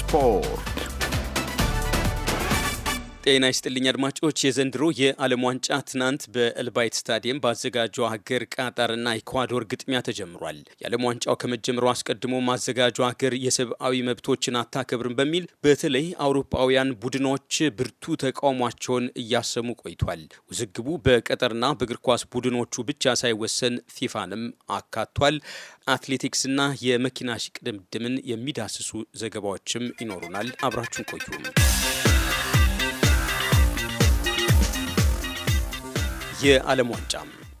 spor. ጤና ይስጥልኝ አድማጮች። የዘንድሮ የዓለም ዋንጫ ትናንት በእልባይት ስታዲየም በአዘጋጇ ሀገር ቃጣርና ኢኳዶር ግጥሚያ ተጀምሯል። የዓለም ዋንጫው ከመጀመሩ አስቀድሞ ማዘጋጇ ሀገር የሰብአዊ መብቶችን አታከብርም በሚል በተለይ አውሮፓውያን ቡድኖች ብርቱ ተቃውሟቸውን እያሰሙ ቆይቷል። ውዝግቡ በቀጠርና በእግር ኳስ ቡድኖቹ ብቻ ሳይወሰን ፊፋንም አካቷል። አትሌቲክስና የመኪና ሽቅድምድምን የሚዳስሱ ዘገባዎችም ይኖሩናል። አብራችሁን ቆዩ። የዓለም ዋንጫ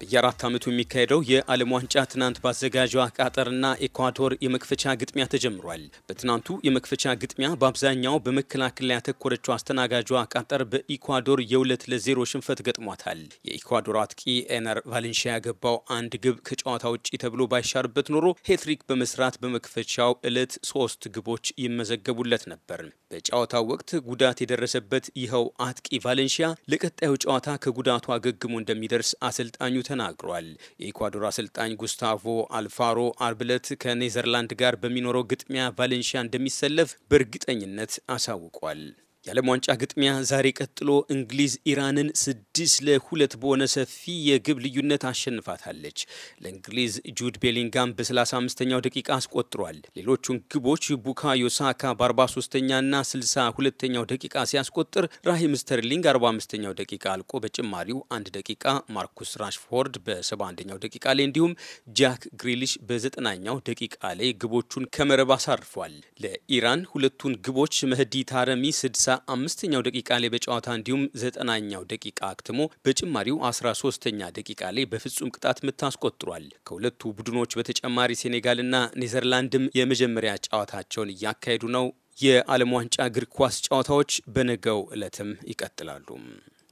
በየአራት ዓመቱ የሚካሄደው የዓለም ዋንጫ ትናንት ባዘጋጇ ቃጠርና ኤኳዶር የመክፈቻ ግጥሚያ ተጀምሯል። በትናንቱ የመክፈቻ ግጥሚያ በአብዛኛው በመከላከል ላይ ያተኮረችው አስተናጋጇ ቃጠር በኢኳዶር የሁለት ለዜሮ ሽንፈት ገጥሟታል። የኢኳዶር አጥቂ ኤነር ቫሌንሺያ ያገባው አንድ ግብ ከጨዋታ ውጪ ተብሎ ባይሻርበት ኖሮ ሄትሪክ በመስራት በመክፈቻው ዕለት ሶስት ግቦች ይመዘገቡለት ነበር። በጨዋታው ወቅት ጉዳት የደረሰበት ይኸው አጥቂ ቫሌንሺያ ለቀጣዩ ጨዋታ ከጉዳቱ አገግሞ እንደሚደርስ አሰልጣኙ ተናግሯል። የኢኳዶር አሰልጣኝ ጉስታቮ አልፋሮ አርብ ዕለት ከኔዘርላንድ ጋር በሚኖረው ግጥሚያ ቫሌንሺያ እንደሚሰለፍ በእርግጠኝነት አሳውቋል። የዓለም ዋንጫ ግጥሚያ ዛሬ ቀጥሎ እንግሊዝ ኢራንን ስድስት ለሁለት በሆነ ሰፊ የግብ ልዩነት አሸንፋታለች። ለእንግሊዝ ጁድ ቤሊንጋም በ35ኛው ደቂቃ አስቆጥሯል። ሌሎቹን ግቦች ቡካዮ ሳካ በ43ኛና 62ኛው ደቂቃ ሲያስቆጥር፣ ራሂም ስተርሊንግ 45ኛው ደቂቃ አልቆ በጭማሪው አንድ ደቂቃ ማርኩስ ራሽፎርድ በ71ኛው ደቂቃ ላይ እንዲሁም ጃክ ግሪሊሽ በ90ኛው ደቂቃ ላይ ግቦቹን ከመረብ አሳርፏል። ለኢራን ሁለቱን ግቦች መህዲ ታረሚ ስድሳ 65 አምስተኛው ደቂቃ ላይ በጨዋታ እንዲሁም ዘጠናኛው ደቂቃ አክትሞ በጭማሪው አስራ ሶስተኛ ደቂቃ ላይ በፍጹም ቅጣት ምት አስቆጥሯል። ከሁለቱ ቡድኖች በተጨማሪ ሴኔጋልና ኔዘርላንድም የመጀመሪያ ጨዋታቸውን እያካሄዱ ነው። የዓለም ዋንጫ እግር ኳስ ጨዋታዎች በነገው ዕለትም ይቀጥላሉ።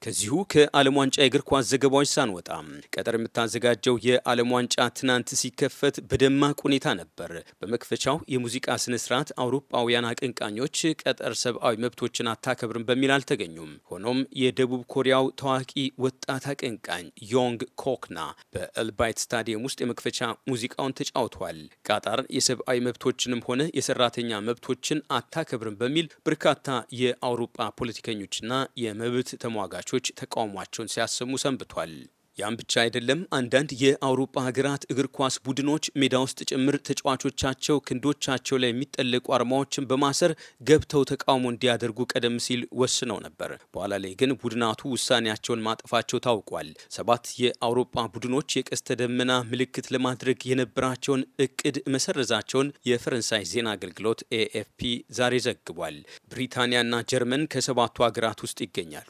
ከዚሁ ከዓለም ዋንጫ የእግር ኳስ ዘገባዎች ሳንወጣ ቀጠር የምታዘጋጀው የዓለም ዋንጫ ትናንት ሲከፈት በደማቅ ሁኔታ ነበር። በመክፈቻው የሙዚቃ ስነ ስርዓት አውሮፓውያን አቀንቃኞች ቀጠር ሰብአዊ መብቶችን አታከብርም በሚል አልተገኙም። ሆኖም የደቡብ ኮሪያው ታዋቂ ወጣት አቀንቃኝ ዮንግ ኮክና በኤልባይት ስታዲየም ውስጥ የመክፈቻ ሙዚቃውን ተጫውቷል። ቃጣር የሰብአዊ መብቶችንም ሆነ የሰራተኛ መብቶችን አታከብርም በሚል በርካታ የአውሮፓ ፖለቲከኞችና የመብት ተሟጋች ተሟጋቾች ተቃውሟቸውን ሲያሰሙ ሰንብቷል። ያም ብቻ አይደለም። አንዳንድ የአውሮፓ ሀገራት እግር ኳስ ቡድኖች ሜዳ ውስጥ ጭምር ተጫዋቾቻቸው ክንዶቻቸው ላይ የሚጠለቁ አርማዎችን በማሰር ገብተው ተቃውሞ እንዲያደርጉ ቀደም ሲል ወስነው ነበር። በኋላ ላይ ግን ቡድናቱ ውሳኔያቸውን ማጠፋቸው ታውቋል። ሰባት የአውሮፓ ቡድኖች የቀስተ ደመና ምልክት ለማድረግ የነበራቸውን እቅድ መሰረዛቸውን የፈረንሳይ ዜና አገልግሎት ኤኤፍፒ ዛሬ ዘግቧል። ብሪታንያና ጀርመን ከሰባቱ ሀገራት ውስጥ ይገኛሉ።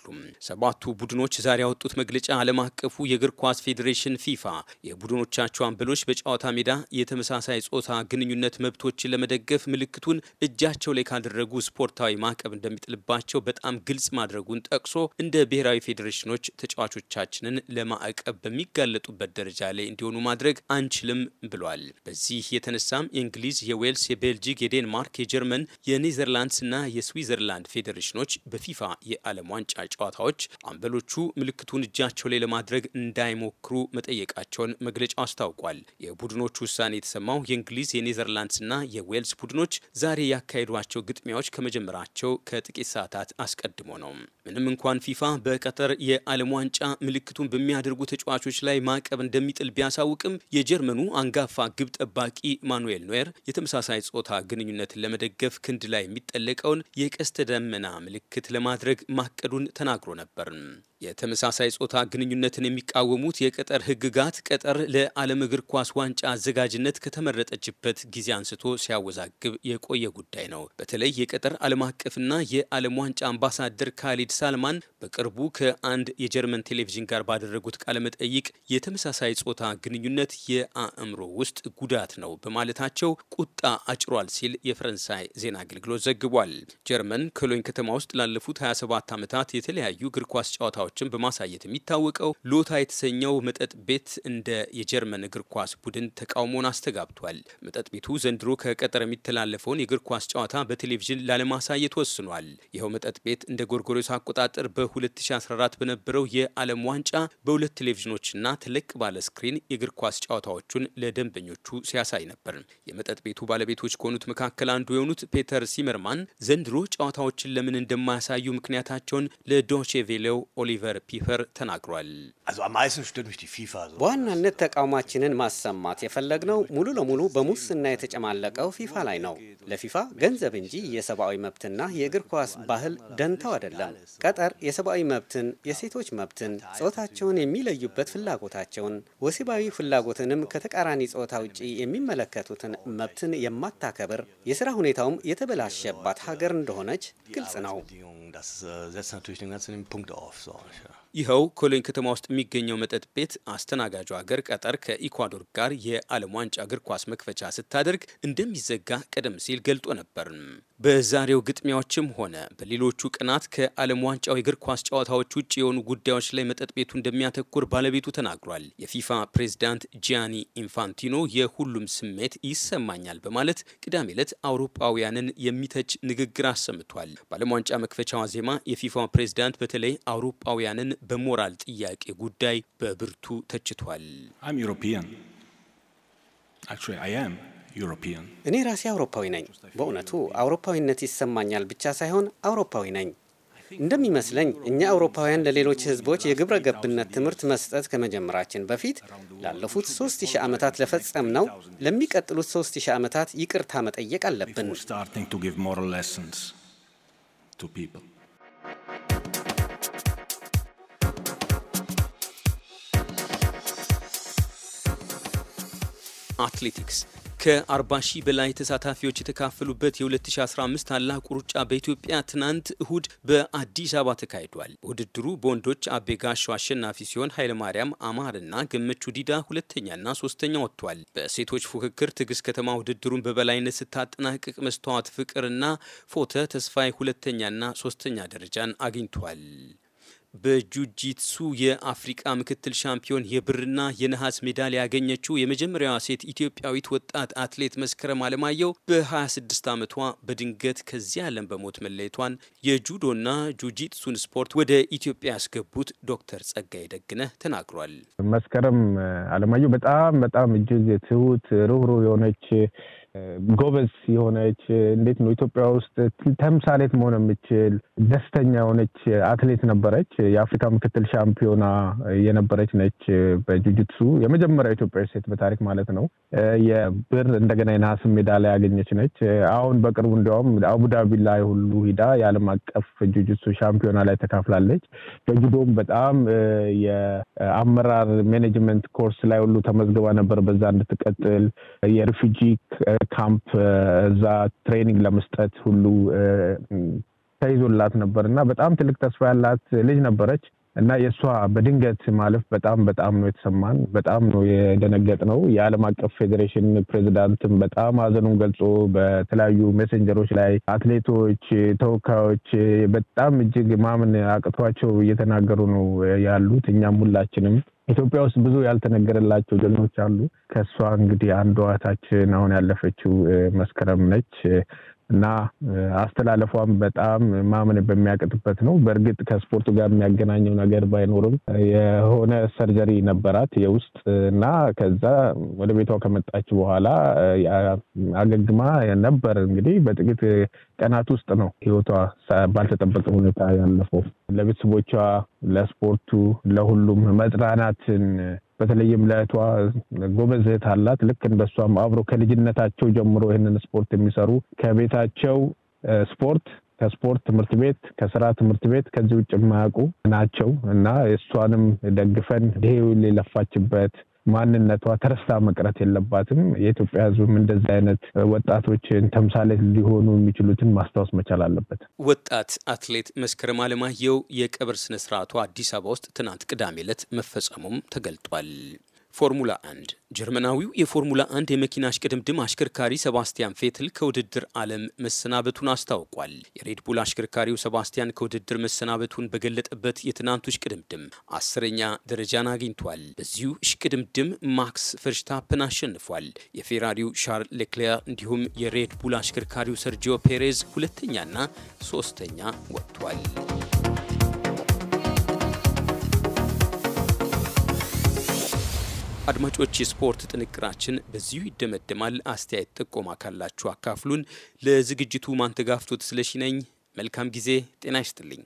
ሰባቱ ቡድኖች ዛሬ ያወጡት መግለጫ ዓለም አቀፉ የእግር ኳስ ፌዴሬሽን ፊፋ የቡድኖቻቸው አምበሎች በጨዋታ ሜዳ የተመሳሳይ ጾታ ግንኙነት መብቶችን ለመደገፍ ምልክቱን እጃቸው ላይ ካደረጉ ስፖርታዊ ማዕቀብ እንደሚጥልባቸው በጣም ግልጽ ማድረጉን ጠቅሶ እንደ ብሔራዊ ፌዴሬሽኖች ተጫዋቾቻችንን ለማዕቀብ በሚጋለጡበት ደረጃ ላይ እንዲሆኑ ማድረግ አንችልም ብሏል። በዚህ የተነሳም የእንግሊዝ፣ የዌልስ፣ የቤልጂክ፣ የዴንማርክ፣ የጀርመን፣ የኔዘርላንድስ እና የስዊዘርላንድ ፌዴሬሽኖች በፊፋ የዓለም ዋንጫ ጨዋታዎች አምበሎቹ ምልክቱን እጃቸው ላይ ለማድረግ እንዳይሞክሩ መጠየቃቸውን መግለጫው አስታውቋል። የቡድኖቹ ውሳኔ የተሰማው የእንግሊዝ የኔዘርላንድስና የዌልስ ቡድኖች ዛሬ ያካሄዷቸው ግጥሚያዎች ከመጀመራቸው ከጥቂት ሰዓታት አስቀድሞ ነው። ምንም እንኳን ፊፋ በቀጠር የዓለም ዋንጫ ምልክቱን በሚያደርጉ ተጫዋቾች ላይ ማዕቀብ እንደሚጥል ቢያሳውቅም የጀርመኑ አንጋፋ ግብ ጠባቂ ማኑኤል ኖየር የተመሳሳይ ጾታ ግንኙነትን ለመደገፍ ክንድ ላይ የሚጠለቀውን የቀስተ ደመና ምልክት ለማድረግ ማቀዱን ተናግሮ ነበር። የተመሳሳይ ጾታ ግንኙነትን የሚቃወሙት የቀጠር ሕግጋት ቀጠር ለዓለም እግር ኳስ ዋንጫ አዘጋጅነት ከተመረጠችበት ጊዜ አንስቶ ሲያወዛግብ የቆየ ጉዳይ ነው። በተለይ የቀጠር ዓለም አቀፍና የዓለም ዋንጫ አምባሳደር ካሊድ ሳልማን በቅርቡ ከአንድ የጀርመን ቴሌቪዥን ጋር ባደረጉት ቃለመጠይቅ የተመሳሳይ ጾታ ግንኙነት የአእምሮ ውስጥ ጉዳት ነው በማለታቸው ቁጣ አጭሯል ሲል የፈረንሳይ ዜና አገልግሎት ዘግቧል። ጀርመን ኮሎኝ ከተማ ውስጥ ላለፉት 27 ዓመታት የተለያዩ እግር ኳስ ጨዋታዎች ስራዎችን በማሳየት የሚታወቀው ሎታ የተሰኘው መጠጥ ቤት እንደ የጀርመን እግር ኳስ ቡድን ተቃውሞን አስተጋብቷል። መጠጥ ቤቱ ዘንድሮ ከቀጠር የሚተላለፈውን የእግር ኳስ ጨዋታ በቴሌቪዥን ላለማሳየት ወስኗል። ይኸው መጠጥ ቤት እንደ ጎርጎሮስ አቆጣጠር በ2014 በነበረው የዓለም ዋንጫ በሁለት ቴሌቪዥኖችና ትልቅ ባለ ስክሪን የእግር ኳስ ጨዋታዎቹን ለደንበኞቹ ሲያሳይ ነበር። የመጠጥ ቤቱ ባለቤቶች ከሆኑት መካከል አንዱ የሆኑት ፔተር ሲመርማን ዘንድሮ ጨዋታዎችን ለምን እንደማያሳዩ ምክንያታቸውን ለዶቼ ቬሌው ኦሊ ኦሊቨር ፒፐር ተናግሯል። በዋናነት ተቃውሟችንን ማሰማት የፈለግነው ሙሉ ለሙሉ በሙስና የተጨማለቀው ፊፋ ላይ ነው። ለፊፋ ገንዘብ እንጂ የሰብአዊ መብትና የእግር ኳስ ባህል ደንተው አይደለም። ቀጠር የሰብአዊ መብትን፣ የሴቶች መብትን፣ ጾታቸውን የሚለዩበት ፍላጎታቸውን፣ ወሲባዊ ፍላጎትንም ከተቃራኒ ጾታ ውጪ የሚመለከቱትን መብትን የማታከብር የስራ ሁኔታውም የተበላሸባት ሀገር እንደሆነች ግልጽ ነው። ይኸው ኮሎኝ ከተማ ውስጥ የሚገኘው መጠጥ ቤት አስተናጋጁ ሀገር ቀጠር ከኢኳዶር ጋር የዓለም ዋንጫ እግር ኳስ መክፈቻ ስታደርግ እንደሚዘጋ ቀደም ሲል ገልጦ ነበር። በዛሬው ግጥሚያዎችም ሆነ በሌሎቹ ቀናት ከዓለም ዋንጫው የእግር ኳስ ጨዋታዎች ውጭ የሆኑ ጉዳዮች ላይ መጠጥ ቤቱ እንደሚያተኩር ባለቤቱ ተናግሯል። የፊፋ ፕሬዝዳንት ጂያኒ ኢንፋንቲኖ የሁሉም ስሜት ይሰማኛል በማለት ቅዳሜ ዕለት አውሮፓውያንን የሚተች ንግግር አሰምቷል። በዓለም ዋንጫ መክፈቻ ዋዜማ የፊፋ ፕሬዝዳንት በተለይ አውሮፓውያንን በሞራል ጥያቄ ጉዳይ በብርቱ ተችቷል። እኔ ራሴ አውሮፓዊ ነኝ። በእውነቱ አውሮፓዊነት ይሰማኛል ብቻ ሳይሆን አውሮፓዊ ነኝ። እንደሚመስለኝ እኛ አውሮፓውያን ለሌሎች ሕዝቦች የግብረ ገብነት ትምህርት መስጠት ከመጀመራችን በፊት ላለፉት 3000 ዓመታት ለፈጸም ነው ለሚቀጥሉት 3000 ዓመታት ይቅርታ መጠየቅ አለብን። አትሌቲክስ ከ40 ሺህ በላይ ተሳታፊዎች የተካፈሉበት የ2015 ታላቁ ሩጫ በኢትዮጵያ ትናንት እሁድ በአዲስ አበባ ተካሂዷል። ውድድሩ በወንዶች አቤ አሸናፊ ሲሆን ኃይለማርያም አማርና ገመቹ ዲዳ ሁለተኛና ሶስተኛ ወጥቷል። በሴቶች ፉክክር ትዕግስት ከተማ ውድድሩን በበላይነት ስታጠናቅቅ፣ መስተዋት ፍቅርና ፎተ ተስፋይ ሁለተኛና ሶስተኛ ደረጃን አግኝቷል። በጁጂትሱ የአፍሪቃ ምክትል ሻምፒዮን የብርና የነሐስ ሜዳሊያ ያገኘችው የመጀመሪያዋ ሴት ኢትዮጵያዊት ወጣት አትሌት መስከረም አለማየሁ በ26 ዓመቷ በድንገት ከዚህ ዓለም በሞት መለየቷን የጁዶና ጁጂትሱን ስፖርት ወደ ኢትዮጵያ ያስገቡት ዶክተር ጸጋይ ደግነ ተናግሯል። መስከረም አለማየሁ በጣም በጣም እጅግ ትሁት ርኅሩኅ የሆነች ጎበዝ የሆነች እንዴት ነው ኢትዮጵያ ውስጥ ተምሳሌት መሆን የምችል ደስተኛ የሆነች አትሌት ነበረች። የአፍሪካ ምክትል ሻምፒዮና የነበረች ነች። በጁጅትሱ የመጀመሪያ ኢትዮጵያ ሴት በታሪክ ማለት ነው። የብር እንደገና የነሐስ ሜዳሊያ ያገኘች ነች። አሁን በቅርቡ እንዲያውም አቡዳቢ ላይ ሁሉ ሂዳ የዓለም አቀፍ ጁጅትሱ ሻምፒዮና ላይ ተካፍላለች። በጁዶም በጣም የአመራር ሜኔጅመንት ኮርስ ላይ ሁሉ ተመዝግባ ነበር። በዛ እንድትቀጥል የሪፊጂ ካምፕ እዛ ትሬኒንግ ለመስጠት ሁሉ ተይዞላት ነበር እና በጣም ትልቅ ተስፋ ያላት ልጅ ነበረች እና የእሷ በድንገት ማለፍ በጣም በጣም ነው የተሰማን። በጣም ነው የደነገጥ ነው። የዓለም አቀፍ ፌዴሬሽን ፕሬዚዳንትም በጣም ሀዘኑን ገልጾ በተለያዩ ሜሴንጀሮች ላይ አትሌቶች፣ ተወካዮች በጣም እጅግ ማምን አቅቷቸው እየተናገሩ ነው ያሉት። እኛም ሁላችንም ኢትዮጵያ ውስጥ ብዙ ያልተነገረላቸው ጀግኖች አሉ። ከእሷ እንግዲህ አንዷ እህታችን አሁን ያለፈችው መስከረም ነች። እና አስተላለፏም በጣም ማመን በሚያቅጥበት ነው። በእርግጥ ከስፖርቱ ጋር የሚያገናኘው ነገር ባይኖርም የሆነ ሰርጀሪ ነበራት የውስጥ እና ከዛ ወደ ቤቷ ከመጣች በኋላ አገግማ ነበር። እንግዲህ በጥቂት ቀናት ውስጥ ነው ህይወቷ ባልተጠበቀ ሁኔታ ያለፈው። ለቤተሰቦቿ፣ ለስፖርቱ፣ ለሁሉም መጽናናትን በተለይም ለእህቷ ጎበዝ እህት አላት። ልክ እንደሷም አብሮ ከልጅነታቸው ጀምሮ ይህንን ስፖርት የሚሰሩ ከቤታቸው ስፖርት ከስፖርት ትምህርት ቤት ከስራ ትምህርት ቤት ከዚህ ውጭ የማያውቁ ናቸው እና እሷንም ደግፈን ይሄ ሁሉ የለፋችበት ማንነቷ ተረስታ መቅረት የለባትም። የኢትዮጵያ ሕዝብም እንደዚህ አይነት ወጣቶችን ተምሳሌት ሊሆኑ የሚችሉትን ማስታወስ መቻል አለበት። ወጣት አትሌት መስከረም አለማየሁ የቀብር ስነስርዓቱ አዲስ አበባ ውስጥ ትናንት ቅዳሜ ዕለት መፈጸሙም ተገልጧል። ፎርሙላ 1 ጀርመናዊው የፎርሙላ 1 የመኪና እሽቅድምድም አሽከርካሪ ሰባስቲያን ፌትል ከውድድር ዓለም መሰናበቱን አስታውቋል። የሬድቡል አሽከርካሪው ሰባስቲያን ከውድድር መሰናበቱን በገለጠበት የትናንቱ እሽቅድምድም አስረኛ ደረጃን አግኝቷል። በዚሁ እሽቅድምድም ማክስ ፈርሽታፕን አሸንፏል። የፌራሪው ሻርል ሌክሌር እንዲሁም የሬድቡል አሽከርካሪው ሰርጂዮ ፔሬዝ ሁለተኛና ሶስተኛ ወጥቷል። አድማጮች፣ የስፖርት ጥንቅራችን በዚሁ ይደመደማል። አስተያየት፣ ጥቆማ ካላችሁ አካፍሉን። ለዝግጅቱ ማንተጋፍቶት ስለሺ ነኝ። መልካም ጊዜ። ጤና ይስጥልኝ።